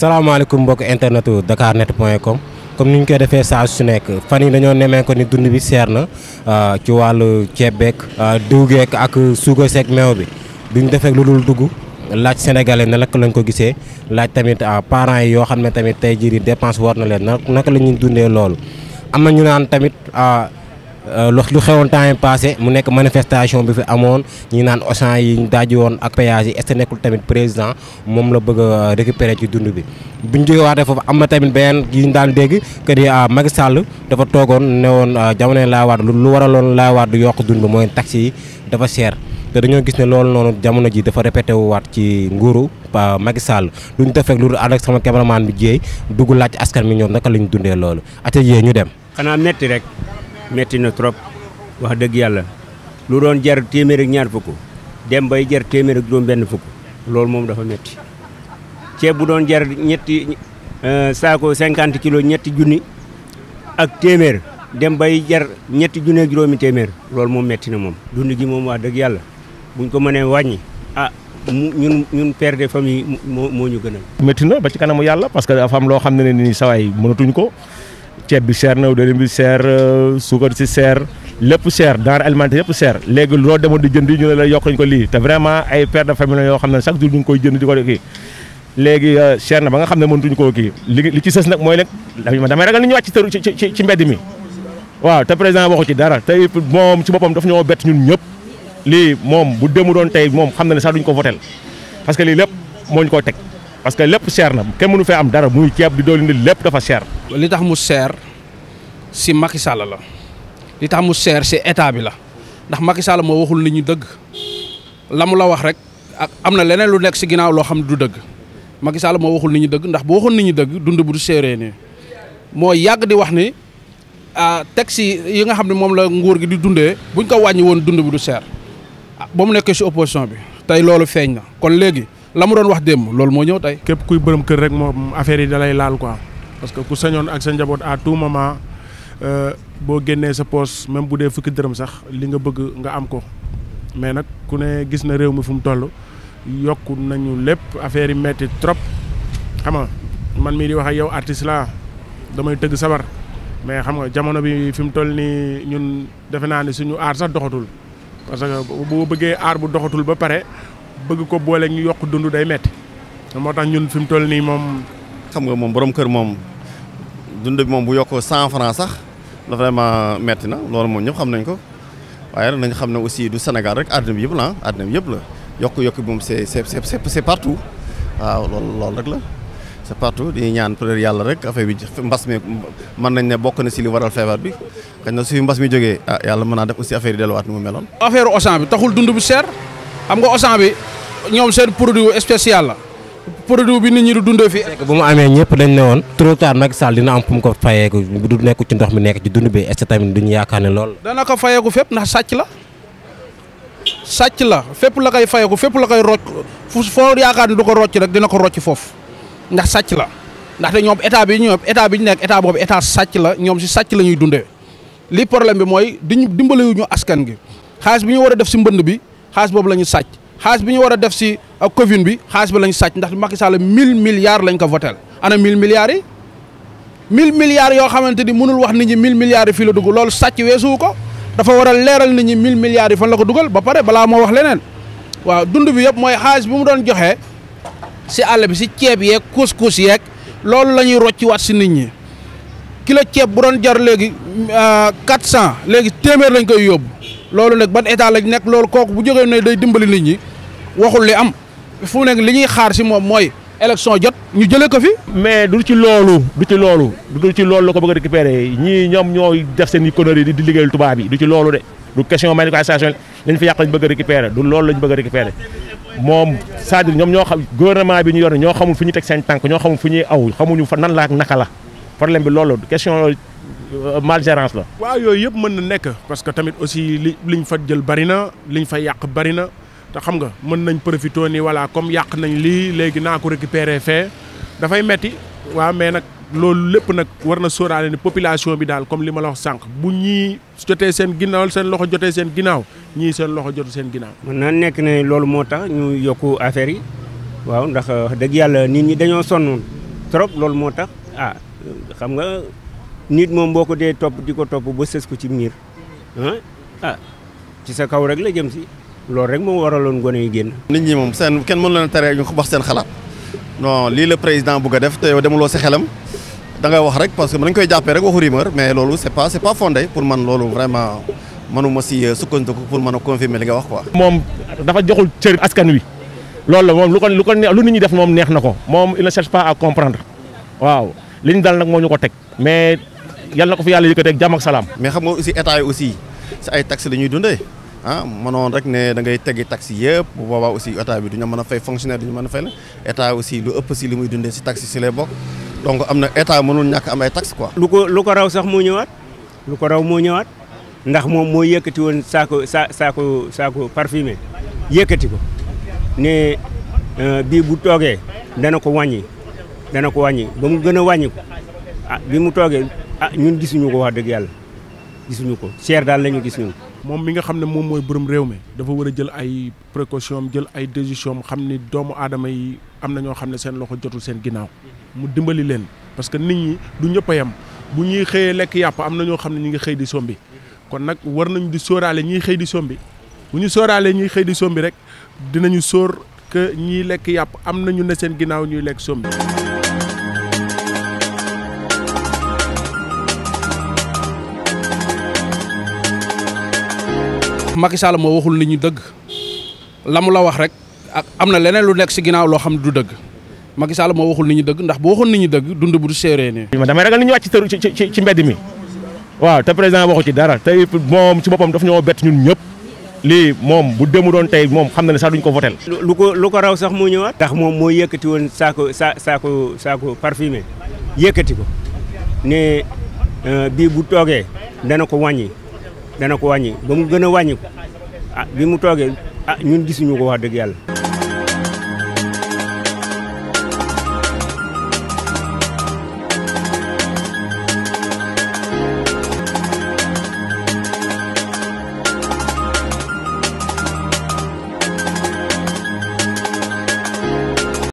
salaamaaleykum mbokk internetu dakarnet.com comme ni ñu koy defee saa su nekk fan yi dañoo nemee ko ni dund bi seer na euh, ci wàllu ceeb beeg euh, diw geek ak suuga seeg meew bi duñ defee lu dul dugg laaj sénégalais na naka lañ ko gisee laaj tamit euh, parents yi yoo xam ne tamit tey jii di dépense war na leen naka la dundee loolu am na ñu naan tamit Euh, lu xewoon temps yi passé mu nekk manifestation bi fi amoon ñi naan Auchan yi ñu daaj woon ak péage yi est nekkul tamit président moom la bëgg a euh, récupérer ci dund bi bu ñu jógee waatee foofu am na tamit beneen yi ñu daan dégg que ni euh, Macky dafa toogoon ne woon jamono Laye Wade lu waraloon laa waat du yokk dund bi mooy taxi yi dafa cher te dañoo gis ne loolu noonu jamono ji dafa répété wu waat ci nguuru Macky Sall lu ñu def rek lu dul ànd sama cameraman bi jéey dugg laaj askan mi ñoom naka la ñu dundee loolu ate yee dem. metti na trop wax dëgg yàlla lu doon jar téeméer ak ñaar fukk dem bay jar téeméer ak juróom benn fukk loolu moom dafa metti ceeb bu doon jar ñetti euh, saako cinquante kilos ñetti junni ak téeméer dem bay jar ñetti junni ak juróomi téeméer loolu moom metti na moom dund gi moom wax dëgg yàlla buñ ko mënee wàññi ah ñun ñun père de famille moo moo ñu gënal. métti na ba ci kanamu yàlla parce que a am loo xam ne ni sawaay mënatuñ ko ceeb bi cher na dërëm bi cher euh, suukar si cher lépp cher denrée alimentaire yëpp cher léegi loo demoon di jënd ñu ne la yokk nañ ko lii te vraiment ay père de famille xam ne chaque jour ñu ngi koy jënd di ko kii léegi cher euh, na ba nga xam ne mëntuñu koo kii li ci sës nag mooy nag damay ñu wàcc ci ci ci mbedd dara te moom ci boppam daf ñoo bett ñun ñëpp lii moom bu demu doon tey moom xam na ne sax duñ ko votel parce que lii lépp moo ñu koo teg parce que lépp cher na kenn mënu fee am dara muy ceeb di dooli ni lépp dafa cher. li tax mu cher si Macky Sall la li tax mu cher si état bi la ndax Macky Sall moo waxul nit ñi dëgg la mu la wax rek ak am na leneen lu nekk si ginnaaw loo xam du dëgg Macky Sall moo waxul nit ñi dëgg ndax bu waxul nit ñu dëgg dund bu du seeree nii moo yàgg di wax ni ah, teg si yi nga xam ne moom la nguur gi di dundee bu buñ ko wàññi woon dund bi du seer ah, ba mu nekkee si opposition bi tey loolu feeñ na kon léegi. la mu doon wax démb loolu moo ñëw tey. képp kuy bërëm kër rek moom affaire yi dalay laal quoi parce que ku sañoon ak sa njaboot à tout euh, boo génnee sa poos même bu dee fukki dërëm sax li nga bëgg nga am ko mais nag ku ne gis na réew mi fu mu toll yokku nañu lépp affaire yi metti trop xam nga man mii di wax ak yow artiste damay tëgg sabar mais xam nga jamono bi fi mu toll nii ñun defe naa ne suñu aar sax doxatul parce que boo bëggee aar bu doxatul ba pare. bëgg ko boole ñu yokk dund day metti moo tax ñun fi mu toll nii moom. xam nga moom boroom kër moom dund bi moom bu yokk san franc sax la vraiment metti na loolu moom ñëpp xam nañ ko waaye nag nañ xam ne aussi du Sénégal rek àddina bi yëpp la ah àddina bi yëpp la yokk-yokk moom c'est c'est c'est partout waaw loolu lool rek la. c'est partout di ñaan peut yàlla rek affaire bi mbas mi mën nañ ne bokk na si li waral feebar bi xëy na suy mbas mi jógee ah yàlla mën naa def aussi affaire yi delluwaat mu meloon. xam nga Auchan bi ñoom seen produit spécial la produit bi nit ñi du dundee fii. bu mu amee ñëpp dañ ne woon. trop tard Macky Sall dina am fu mu ko fayeeku du nekk ci ndox mi nekk ci dund bi est tamit duñu yaakaar ne lool. dana ko fayeeku fépp ndax sàcc la sàcc la fépp la koy fayeeku fépp la koy rocc fu foo yaakaar ne du ko rocc rek dina ko rocci foofu ndax sàcc la ndaxte ñoom état bi ñoom état bi ñu nekk état boobu état sàcc la ñoom si sàcc la ñuy dundee li problème bi mooy di diñu dimbaliwuñu askan gi xaalis bi ñu war a def si mbënd bi xaalis boobu la ñu sàcc xaalis bi ñu war a def si a uh, commune bi xaalis bi la ñu sàcc ndax Macky Sall 1000 milliards lañ ko votel ana 1000 milliards yi 1000 milliards yoo xamante ni mënul wax nit ñi 1000 milliards yi fii la dugg loolu sàcc weesuwu ko dafa war a leeral nit ñi 1000 milliards yi fan la ko dugal ba pare balaa moo wax leneen waaw dund bi yëpp mooy xaalis bi mu doon joxe si àll bi si ceeb yeeg couscous yeeg loolu la ñuy rocci waat si nit ñi kilo ceeb bu doon jar léegi 400 uh, léegi téeméer lañ koy yóbbu. loolu nag ban état lañ nekk loolu kooku bu jógee ne day dimbali nit ñi waxul li am fu nekk li ñuy xaar si moom mooy élection jot ñu jëlee ko fi. mais du ci loolu du ci loolu du ci loolu la ko bëgg ñii ñoom ñooy def seen i conneries di di liggéeyal tubaab yi du ci loolu de du question manifestation lañ fi yàq lañ bëgg a récupérer du loolu lañ bëgg a récupérer moom cest ñoom ñoo xam gouvernement bi ñu yor ñoo xamul fu ñu teg seen tànk ñoo xamul fu ñuy aw xamuñu fa nan la ak naka la problème bi loolu question. Euh, malgérance la. waaw yooyu yëpp mën na nekk parce que tamit aussi li li ñu fa jël bari na ñu fa yàq bari na te xam nga mën nañ profité nii voilà comme yàq nañ lii léegi naa ko récupérer fee dafay metti waaw mais nag loolu lépp nag war na sóoraale ni population bi daal comme li ma la wax sànq bu ñii jotee seen ginnaaw seen loxo jotee seen ginnaaw ñii seen loxo jotu seen ginnaaw. mën naa nekk ne loolu moo tax ñu yokk affaire yi waaw ndax dëgg yàlla ni ñi dañoo sonnoon trop loolu moo tax ah nit moom boo ko dee topp di ko topp ba sës ko ci miir ah, ci sa kaw rek la jëm si loolu rek moo waraloon gone yi génn. nit ñi moom seen kenn mënu leen tere ñu wax seen xalaat lii la président bugg a def te yow demuloo si xelam da ngay wax rek parce que dañ koy jàppee rek waxu rumeur mais loolu c'est pas c'est pas fondé pour man loolu vraiment mënuma si euh, sukkandiku pour mën a confirmer li nga wax quoi. moom dafa joxul cër askan wi loolu la moom lu yàlla na ko fi yàlla yëkkatee ak jàmm ak salaam. mais xam nga aussi état yi aussi si ay tax la ñuy dundee ah mënoon rek ne dangay teggi taxes yëpp bu boobaa aussi état bi du ñu mën a fay fonctionnaire du ñu mën a fay la état aussi lu ëpp si li muy dundee si taxes si lay bokk donc am na état mënul ñàkk am ay taxes quoi. lu ko lu ko raw sax moo ñëwaat lu ko raw moo ñëwaat ndax moom moo yëkkati woon saako sa saako saako parfumé yëkkati ko ne euh, bii bu toogee dana ko wàññi dana ko wàññi ba mu gën a wàññi ko ah, bi mu toogee. ah ñun gisuñu ko wax dëgg yàlla gisuñu ko cher daal la gis ñun. moom mi nga xam ne moom mooy borom réew mi dafa war a jël ay précaution jël ay décision xam ni doomu aadama yi am na ñoo xam ne seen loxo jotul seen ginnaaw mu dimbali leen parce que nit ñi du ñëpp a yem bu ñuy xëyee lekk yàpp am na ñoo xam ne ñu ngi xëy di sombi kon nag war nañ di sóoraale ñiy xëy di sombi bu ñu sóoraalee ñiy xëy di sombi rek dinañu sóor que lekk yàpp am na ñu ne seen ginnaaw ñuy lekk sombi Macky Sall moo waxul nit ñi dëgg la mu la wax rek ak am na leneen lu nekk si ginnaaw loo xam du dëgg Macky Sall moo waxul nit ñi dëgg ndax bu waxoon nit ñi dëgg dund bu du séeréer nii. man damay ragal nit ñi wàcc ci ci ci mbedd mi waaw te président waxu ci dara te moom si boppam daf ñoo bett ñun ñëpp lii moom bu demu doon tey moom xam na ne sax duñ ko votel lu ko lu ko raw sax moo ñëwaat. ndax moom moo yëkkati woon saako sa saako saako parfumé yëkkati ko ne euh, bii bu toogee dana ko wàññi. dana ko wàññi ba mu gën a wàññi ah bi mu toogee ah ñun gisuñu ko wax dëgg yàlla.